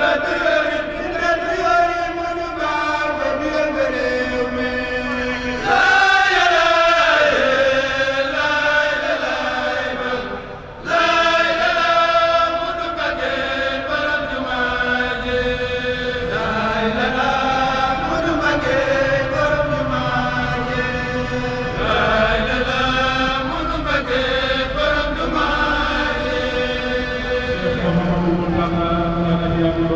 Muhammadu